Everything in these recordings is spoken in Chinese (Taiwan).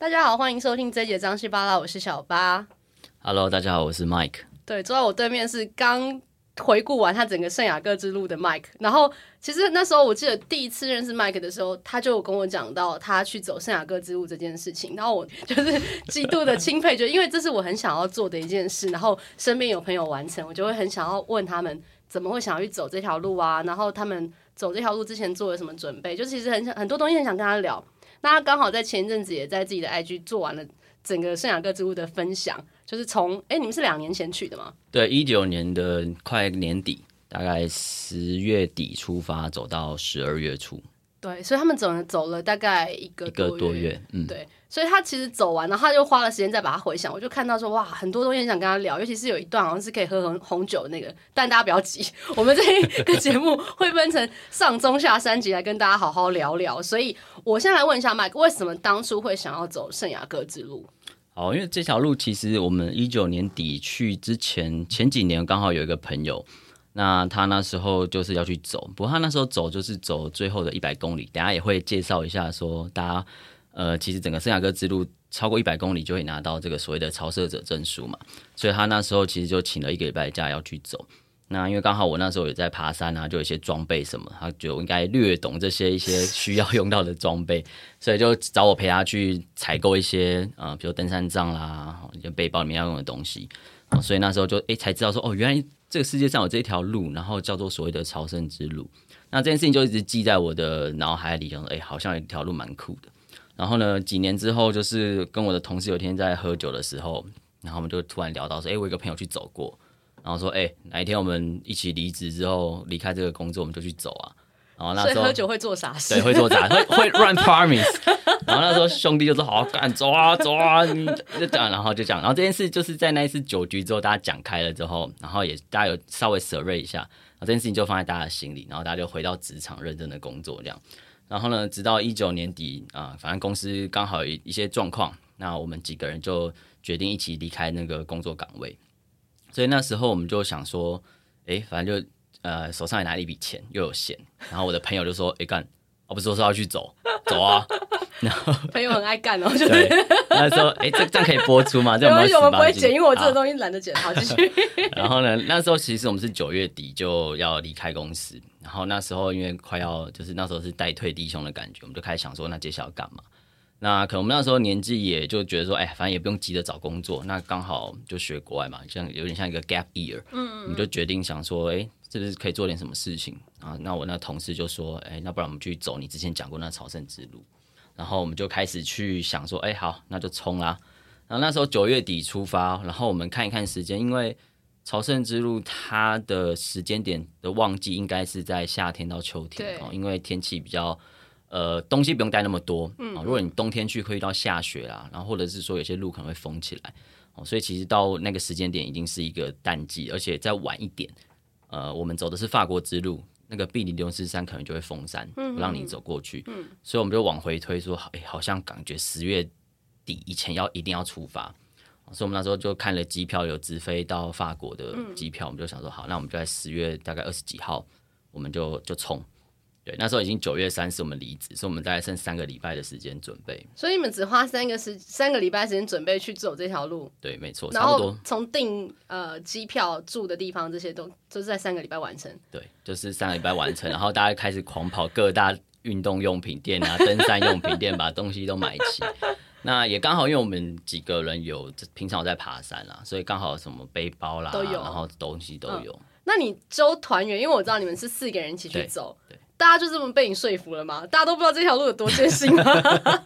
大家好，歡迎收聽這一集張西八拉。我是小八。Hello，大家好，我是 Mike。對，坐在我對面是剛回顧完他整個聖雅各之路的 Mike。然後其實那時候我記得第一次認識 Mike 的時候，他就有跟我講到他去走聖雅各之路這件事情。然後我就是極度的欽佩覺得，就 因為這是我很想要做的一件事。然後身邊有朋友完成，我就會很想要問他們怎麼會想要去走這條路啊？然後他們走這條路之前做了什麼準備？就是其實很想很多東西，很想跟他聊。那他剛好在前一陣子也在自己的 IG 做完了整個聖雅各之路的分享，就是從哎、欸、你們是兩年前去的嗎？對，一九年的快年底，大概十月底出發，走到十二月初。對，所以他們走了走了大概一個，一個多月，嗯，對，所以他其實走完，然後他就花了時間再把它回想。我就看到說，哇，很多東西很想跟他聊，尤其是有一段好像是可以喝紅紅酒那個，但大家不要急，我們這一個節目會分成上中下三集來跟大家好好聊聊。 所以，我先來問一下 Mike，為什麼當初會想要走聖雅各之路？好，因為這條路其實我們一九年底去之前，前幾年剛好有一個朋友。那他那時候就是要去走，不過他那時候走就是走最後的一百公里，等下也會介紹一下說，大家呃，其實整個聖雅各之路超過一百公里就會拿到這個所謂的朝聖者證書嘛，所以他那時候其實就請了一個禮拜假要去走。那因為剛好我那時候也在爬山啊，就有一些裝備什麼，他就應該略懂這些一些需要用到的裝備，所以就找我陪他去採購一些啊，比、呃、如登山杖啦，就背包裡面要用的東西，啊、所以那時候就哎、欸、才知道說哦，原來。這個世界上有這一條路，然後叫做所謂的朝聖之路。那這件事情就一直記在我的腦海裡頭，哎、欸，好像有一條路蠻酷的。然後呢，幾年之後，就是跟我的同事有一天在喝酒的時候，然後我們就突然聊到說，哎、欸，我一個朋友去走過，然後說，哎、欸，哪一天我們一起離職之後離開這個工作，我們就去走啊。然後那時候喝酒會做傻事，對，會做傻事 會，會會亂 promise。 然後那時候兄弟就說：“好好、啊、幹，走啊走啊！”就這樣。然後就這樣。然後這件事就是在那一次酒局之後，大家講開了之後，然後也大家有稍微舍瑞一下，然後這件事情就放在大家的心裡，然後大家就回到職場認真的工作這樣，然後呢，直到一九年底啊、呃，反正公司剛好有一些狀況，那我們幾個人就決定一起離開那個工作崗位。所以那時候我們就想說：“哎、欸，反正就。”呃，手上也拿一筆錢，又有閒，然後我的朋友就說：“哎、欸、幹，我、哦、不是，說要去走走啊。然後”朋友很愛幹哦，就是、對他說那時候，哎、欸，這樣這樣可以播出嗎？然後，為什麼我們不會剪？因為我這個東西懶得剪好，好、啊，繼續。然後呢，那時候其實我們是九月底就要離開, 開公司，然後那時候因為快要就是那時候是待退弟兄的感覺，我們就開始想說，那接下來要幹嘛？那可能我們那時候年紀也就覺得說，哎、欸，反正也不用急着找工作，那剛好就學國外嘛，像有點像一個 gap year，嗯,嗯嗯，我們就決定想說，哎、欸。是不是可以做點什麼事情啊？那我那同事就說：“哎，那不然我們去走你之前講過那朝聖之路。”然後我們就開始去想說：“哎，好，那就衝啦！”然後那時候九月底出發，然後我們看一看時間，因為朝聖之路它的時間點的旺季應該是在夏天到秋天哦，因為天氣比較呃，東西不用帶那麼多。嗯。如果你冬天去會遇到下雪啊，然後或者是說有些路可能會封起來哦，所以其實到那個時間點已經是一個淡季，而且再晚一點。呃，我們走的是法國之路，那個庇里牛斯山可能就會封山，不、嗯、讓你走過去，嗯。所以我們就往回推說，說、欸、好，好像感覺十月底以前要一定要出發，所以我們那時候就看了機票，有直飛到法國的機票、嗯，我們就想說好，那我們就在十月大概二十幾號，我們就就衝。對，那時候已經九月三十，我們離職，所以我們大概剩三個禮拜的時間準備。所以你們只花三個時三個禮拜時間準備去走這條路？對，沒錯，差不多。然後從訂呃機票、住的地方這些都就是在三個禮拜完成。對，就是三個禮拜完成， 然後大家開始狂跑各大運動用品店啊、登山用品店， 把東西都買齊。 那也剛好，因為我們幾個人有平常有在爬山啦、啊，所以剛好什麼背包啦、啊、都有，然後東西都有。哦、那你揪團員，因為我知道你們是四個人一起去走。對對。大家就這麼被你說服了嗎？大家都不知道這條路有多艱辛嗎？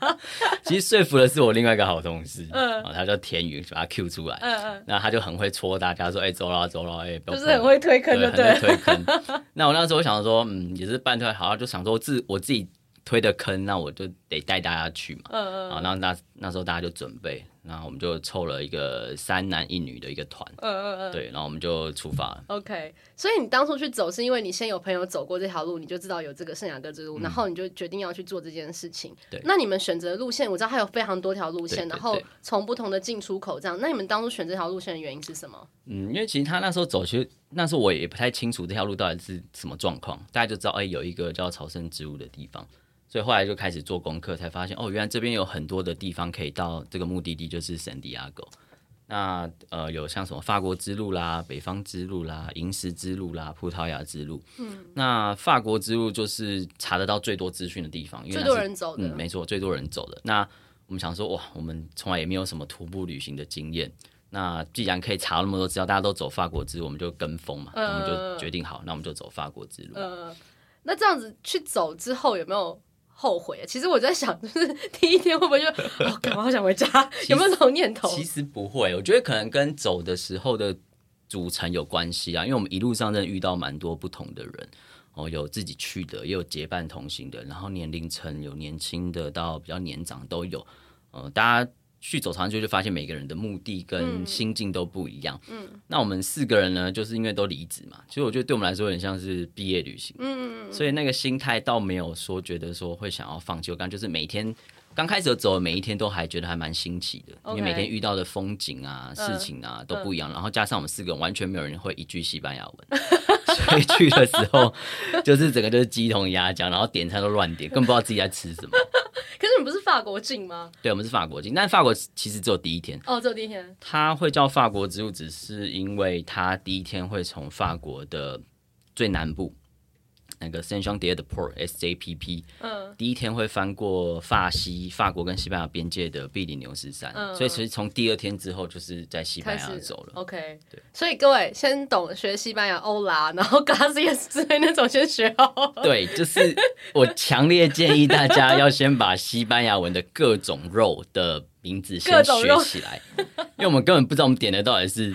其實說服的是我另外一個好同事，嗯啊、他叫田宇，把他 Q 出來、嗯，那他就很會戳大家說，哎、欸，走啦，走啦，哎、欸，就是很會推坑的，對，推坑。 那我那時候想說，嗯，也是辦出來好，就想說自，自我自己推的坑，那我就。得帶大家去嘛，嗯嗯，然後那那時候大家就準備，然後我們就湊了一個三男一女的一個團，嗯嗯嗯，對，然後我們就出發了。OK，所以你當初去走是因為你先有朋友走過這條路，你就知道有這個聖雅各之路，然後你就決定要去做這件事情。對、嗯，那你們選擇路線，我知道它有非常多條路線，對對對對，然後從不同的進出口這樣。那你們當初選這條路線的原因是什麼？嗯，因為其實他那時候走，其實那時候我也不太清楚這條路到底是什麼狀況，大家就知道哎、欸、有一個叫朝聖之路的地方。所以後來就開始做功課，才發現哦，原來這邊有很多的地方可以到這個目的地，就是聖地亞哥。那呃，有像什麼法國之路啦、北方之路啦、銀石之路啦、葡萄牙之路。嗯。那法國之路就是查得到最多資訊的地方，因為最多人走的、啊嗯。沒錯，最多人走的。那我們想說，哇，我們從來也沒有什麼徒步旅行的經驗。那既然可以查那麼多資料，大家都走法國之路，我們就跟風嘛。我們就決定好、呃，那我們就走法國之路。呃、那這樣子去走之後，有沒有？後悔？其實我在想，就是第一天會不會就幹嘛，哦、我想回家， 有沒有這種念頭？其實不會，我覺得可能跟走的時候的組成有關係啊，因為我們一路上真的遇到蠻多不同的人，哦，有自己去的，也有結伴同行的，然後年齡層有年輕的到比較年長都有，呃、大家。去走長去，就發現每個人的目的跟心境都不一樣嗯。嗯，那我們四個人呢，就是因為都離職嘛，其實我覺得對我們來說有點像是畢業旅行。嗯，所以那個心態倒沒有說覺得說會想要放棄，我剛就是每天剛開始走，每一天都還覺得還蠻新奇的，okay, 因為每天遇到的風景啊、事情啊、嗯、都不一樣。然後加上我們四個人完全沒有人會一句西班牙文， 所以去的時候就是整個就是雞同鴨講，然後點餐都亂點，更不知道自己在吃什麼。你們不是法國境嗎？對，我們是法國境，但法國其實只有第一天。哦，只有第一天。他會叫法國之路，只是因為他第一天會從法國的最南部。那個聖雄迭的 port SJPP，嗯，第一天會翻過法西法國跟西班牙邊界的庇里牛斯山，uh, 所以其實從第二天之後就是在西班牙走了。OK，對，所以各位先懂學西班牙歐拉，然後卡斯也是之類那種先學好。對，就是我強烈建議大家要先把西班牙文的各種肉的名字先學起來， 因為我們根本不知道我們點的到底是。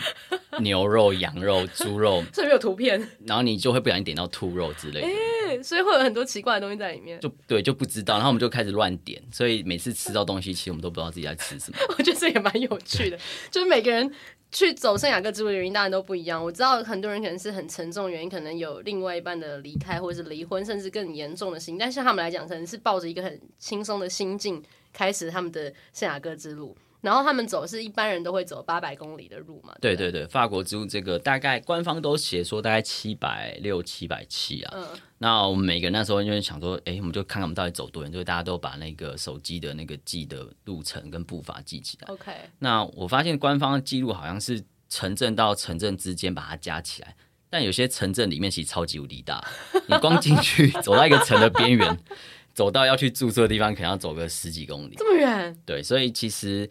牛肉、羊肉、豬肉，這 邊有圖片，然後你就會不小心點到兔肉之類的，的、欸。所以會有很多奇怪的東西在裡面，就對，就不知道。然後我們就開始亂點，所以每次吃到東西， 其實我們都不知道自己在吃什麼。我覺得這也蠻有趣的，就是每個人去走聖雅各之路的原因，當然都不一樣。我知道很多人可能是很沉重的原因，可能有另外一半的離開，或者是離婚，甚至更嚴重的事情。但像他們來講，可能是抱着一個很輕鬆的心境，開始他們的聖雅各之路。然後他們走是一般人都會走八百公里的路嘛？對對，對對，法國之路這個大概官方都寫說大概七百六七百七啊。嗯。那我們每個人那時候因為想說，哎，我們就看看我們到底走多遠，就大家都把那個手機的那個記的路程跟步伐記起來。OK。那我發現官方的記錄好像是城鎮到城鎮之間把它加起來，但有些城鎮裡面其實超級無敵大， 你光進去走到一個城的邊緣， 走到要去住宿的地方，可能要走個十幾公里。這麼遠？對，所以其實。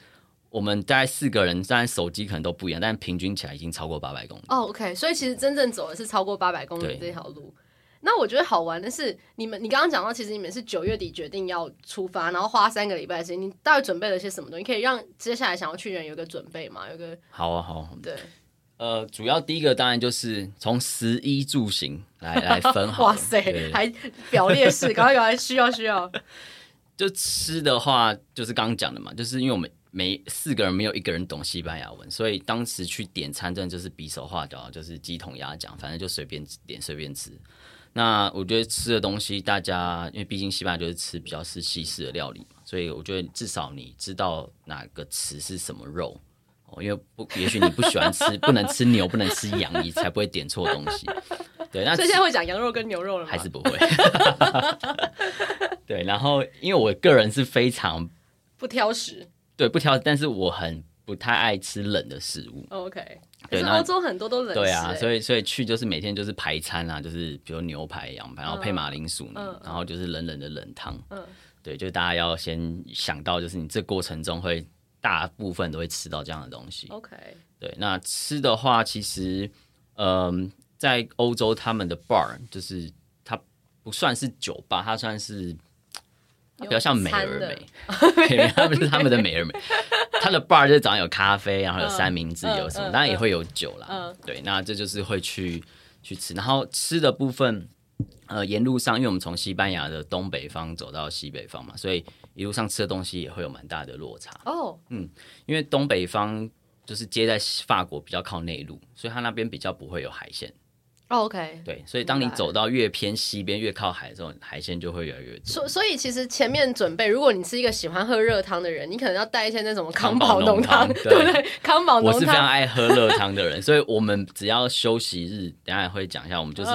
我們大概四個人，雖然手機可能都不一樣，但平均起來已經超過八百公里。哦，oh，OK，所以其實真正走的是超過八百公里的這條路。那我覺得好玩的是，你們你剛剛講到，其實你們是九月底決定要出發，然後花三個禮拜的時間，你到底準備了些什麼東西，可以讓接下來想要去的人有個準備嗎？有個好啊，好啊。對，呃，主要第一個當然就是從食衣住行來來分好。 哇塞，對對對還表列式，剛剛有還需要需要。 就吃的話，就是剛剛講的嘛，就是因為我們。沒四個人，沒有一個人懂西班牙文，所以當時去點餐真的就是比手畫腳、啊，就是雞同鴨講，反正就隨便點隨便吃。那我覺得吃的東西，大家因為畢竟西班牙就是吃比較是西式的料理嘛，所以我覺得至少你知道哪個詞是什麼肉哦，因為不，也許你不喜歡吃， 不能吃牛，不能吃羊，你才不會點錯東西。對，那所以現在會講羊肉跟牛肉了嗎，還是不會？ 對，然後因為我個人是非常不挑食。對，不挑，但是我很不太愛吃冷的食物。OK，對，歐洲很多都冷吃。對啊，所以所以去就是每天就是排餐啊，就是比如牛排、羊排，uh, 然後配馬鈴薯泥、uh, 然後就是冷冷的冷湯。Uh. 對，就大家要先想到，就是你這過程中會大部分都會吃到這樣的東西。OK，對，那吃的話，其實嗯、呃，在歐洲他們的 bar 就是它不算是酒吧，它算是。比較像美而美，他們是他們的美而美， 美而美笑 他的 bar 就是早上有咖啡，然後有三明治，uh, 有什麼，當然也會有酒啦。Uh, uh, uh. 對，那這就是會去去吃，然後吃的部分，呃，沿路上，因為我們從西班牙的東北方走到西北方嘛，所以一路上吃的東西也會有蠻大的落差哦。Oh. 嗯，因為東北方就是接在法國比較靠內陸，所以它那邊比較不會有海鮮。哦，OK，對，所以當你走到越偏西邊、越靠海這種海鮮就會越來越多。所所以其實前面準備，如果你是一個喜歡喝熱湯的人，你可能要帶一些那種康寶濃湯，對不對？康寶濃湯。我是非常愛喝熱湯的人， 所以我們只要休息日， 等下也會講一下，我們就是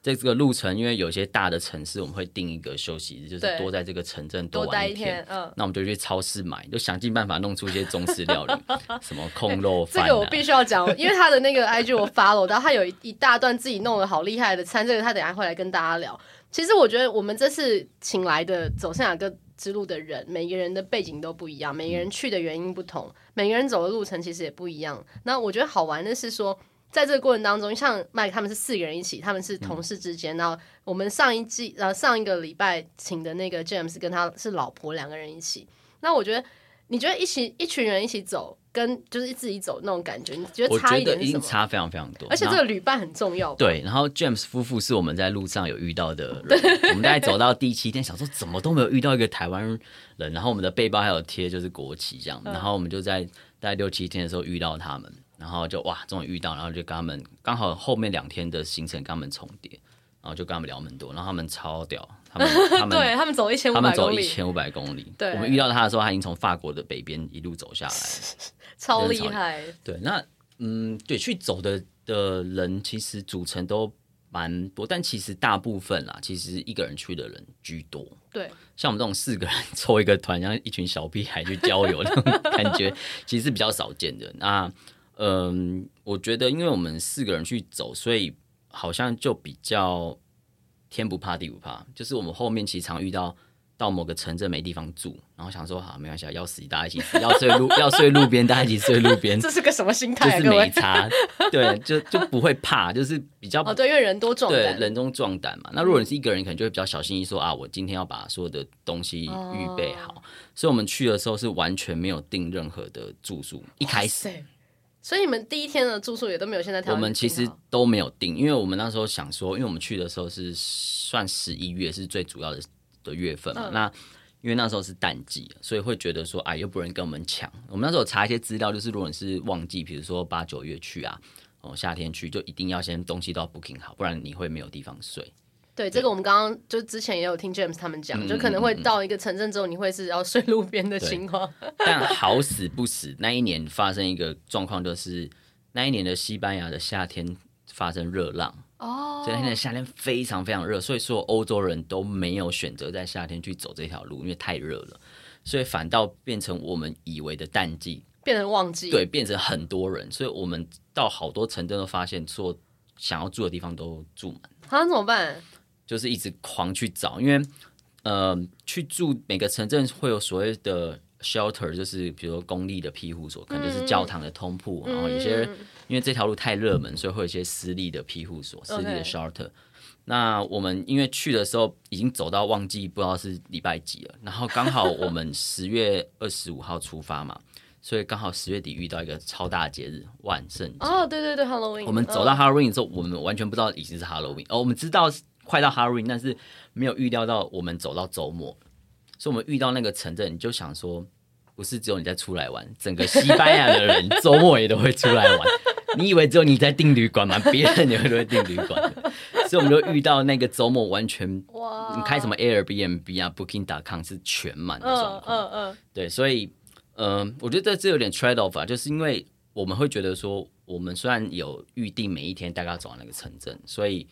在這個路程，因為有些大的城市，我們會定一個休息日， 就是多在這個城鎮多，多待一天。嗯，那我們就去超市買，就想盡辦法弄出一些中式料理， 什麼控肉飯、啊。這個我必須要講， 因為他的那個 IG 我 follow，然後他有一一大段。自己弄得好厲害的餐，這個他等下會來跟大家聊。其實我覺得我們這次請來的走上聖雅各之路的人，每個人的背景都不一樣，每個人去的原因不同，每個人走的路程其實也不一樣。那我覺得好玩的是說，在這個過程當中，像 Mike 他們是四個人一起，他們是同事之間。嗯、然後我們上一季，然後、呃、上一個禮拜請的那個 James 跟他是老婆兩個人一起。那我覺得，你覺得一起一群人一起走？跟就是自己走那種感覺，你覺得差一點？已經差非常非常多。而且這個旅伴很重要。對，然後 James 夫婦是我們在路上有遇到的人， 我們大概走到第七天， 想說怎麼都沒有遇到一個台灣人。然後我們的背包還有貼就是國旗這樣，嗯。然後我們就在大概六七天的時候遇到他們。然後就哇，終於遇到，然後就跟他們剛好後面兩天的行程跟他們重疊，然後就跟他們聊很多。然後他們超屌，他們 他們，他們 對他們走一千五百他們走一千五百公里。對，我們遇到他的時候，他已經從法國的北邊一路走下來。 超厲，超厲害！對，那嗯，對，去走的的人其實組成都蠻多，但其實大部分啦，其實一個人去的人居多。對，像我們這種四個人湊一個團，像一群小屁孩去郊遊的那種感覺， 其實比較少見的。那嗯，我覺得，因為我們四個人去走，所以好像就比較天不怕地不怕，就是我們後面其實常遇到。到某個城鎮沒地方住，然後想說好，沒關係，要死大家一起死，要睡路 要睡路邊，大家一起睡路邊。 這是個什麼心態，啊？就是沒差， 對，就就不會怕，就是比較哦，對，因為人多壯，對，人多壯膽嘛。那如果你是一個人，你可能就會比較小心翼翼說，說啊，我今天要把所有的東西預備好，哦。所以我們去的時候是完全沒有訂任何的住宿，一開始，所以你們第一天的住宿也都沒有現在。我們其實都沒有訂，因為我們那時候想說，因為我們去的時候是算十一月是最主要的的月份嘛、嗯，那因為那時候是淡季，所以會覺得說，哎，又不能跟我們搶。我們那時候查一些資料，就是如果你是旺季，比如說八九月去啊，哦，夏天去，就一定要先東西都要 booking 好，不然你會沒有地方睡。對，對這個我們剛剛就之前也有聽 James 他們講，就可能會到一個城鎮之後，你會是要睡路邊的情況。嗯嗯嗯 但好死不死，那一年發生一個狀況，就是那一年的西班牙的夏天發生熱浪。哦，所以現在夏天非常非常熱，所以說歐洲人都沒有選擇在夏天去走這條路，因為太熱了，所以反倒變成我們以為的淡季，變成旺季，對，變成很多人，所以我們到好多城鎮都發現，說想要住的地方都住滿，那、啊、怎麼辦？就是一直狂去找，因為呃，去住每個城鎮會有所謂的。shelter 就是比如說公立的庇護所、嗯，可能就是教堂的通鋪、嗯，然後有些因為這條路太熱門，所以會有一些私立的庇護所，okay. 私立的 shelter。那我們因為去的時候已經走到忘記不知道是禮拜幾了，然後剛好我們十月二十五號出發嘛， 所以剛好十月底遇到一個超大節日——萬聖節。哦、oh，對對對，Halloween。我們走到 Halloween 之後，oh. 我們完全不知道已經是 Halloween，哦，oh, 我們知道快到 Halloween，但是沒有預料到我們走到周末，所以我們遇到那個城鎮，你就想說。不是只有你在出來玩，整個西班牙的人周末也都會出來玩。 你以為只有你在訂旅館嗎？別人也都會訂旅館。所以我們就遇到那個周末完全，你、Wow. 開什麼 Airbnb 啊，Booking.com 是全滿的狀況。嗯嗯嗯，uh, uh, uh. 對，所以，嗯、呃，我覺得這有點 trade off，啊，就是因為我們會覺得說，我們雖然有預定每一天大概要走到那個城鎮，所以。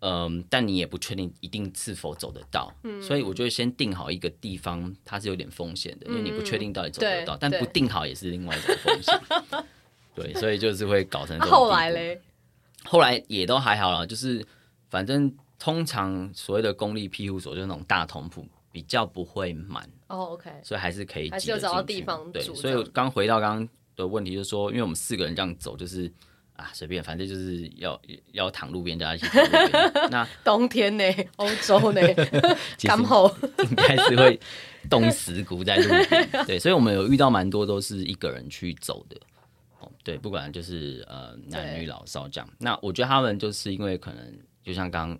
嗯，但你也不確定一定是否走得到，嗯、所以我就會先定好一個地方，它是有點風險的。嗯嗯，因為你不確定到底走得到，但不定好也是另外一種風險。對，對， 對，所以就是會搞成這種。啊、後來嘞，後來也都還好啦，就是反正通常所謂的公立庇護所就是那種大通鋪，比較不會滿。哦、Oh，OK，所以還是可以擠得還是有找到地方住。對，所以剛回到剛剛的問題，就是說，因為我們四個人這樣走，就是。啊，隨便，反正就是要要躺路邊，大家一起躺路邊，那冬天呢？歐洲呢？剛好應該是會凍死骨在路邊。 對，所以我們有遇到蠻多都是一個人去走的。哦，對，不管就是呃男女老少這樣。那我覺得他們就是因為可能就像剛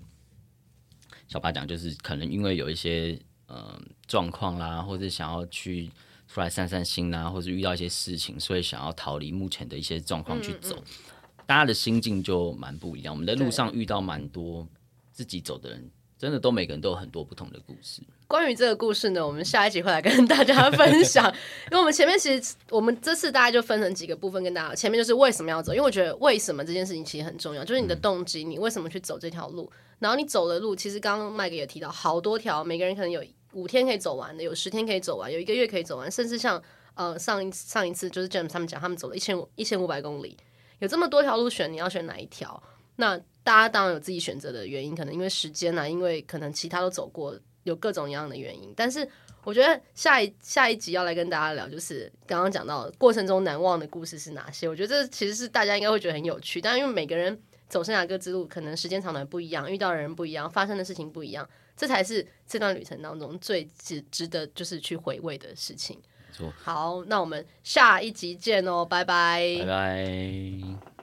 小巴講，就是可能因為有一些呃狀況啦，或者想要去出來散散心啦，或者遇到一些事情，所以想要逃離目前的一些狀況去走。嗯嗯大家的心境就蠻不一樣。我們在路上遇到蠻多自己走的人，真的都每個人都有很多不同的故事。關於這個故事呢，我們下一集會來跟大家分享。 因為我們前面其實我們這次大概就分成幾個部分跟大家。前面就是為什麼要走，因為我覺得為什麼這件事情其實很重要，就是你的動機，你為什麼去走這條路。嗯。然後你走的路，其實剛剛 Mike 也提到，好多條，每個人可能有五天可以走完的，有十天可以走完，有一個月可以走完，甚至像呃上一上一次就是 James 他們講，他們走了一千一千五百公里。有這麼多條路選，你要選哪一條？那大家當然有自己選擇的原因，可能因為時間啊，因為可能其他都走過，有各種各樣的原因。但是我覺得下一下一集要來跟大家聊，就是剛剛講到過程中難忘的故事是哪些？我覺得這其實是大家應該會覺得很有趣。但因為每個人走聖雅各之路，可能時間長短不一樣，遇到的人不一樣，發生的事情不一樣，這才是這段旅程當中最值值得就是去回味的事情。好，那我們下一集見哦，拜拜，拜拜。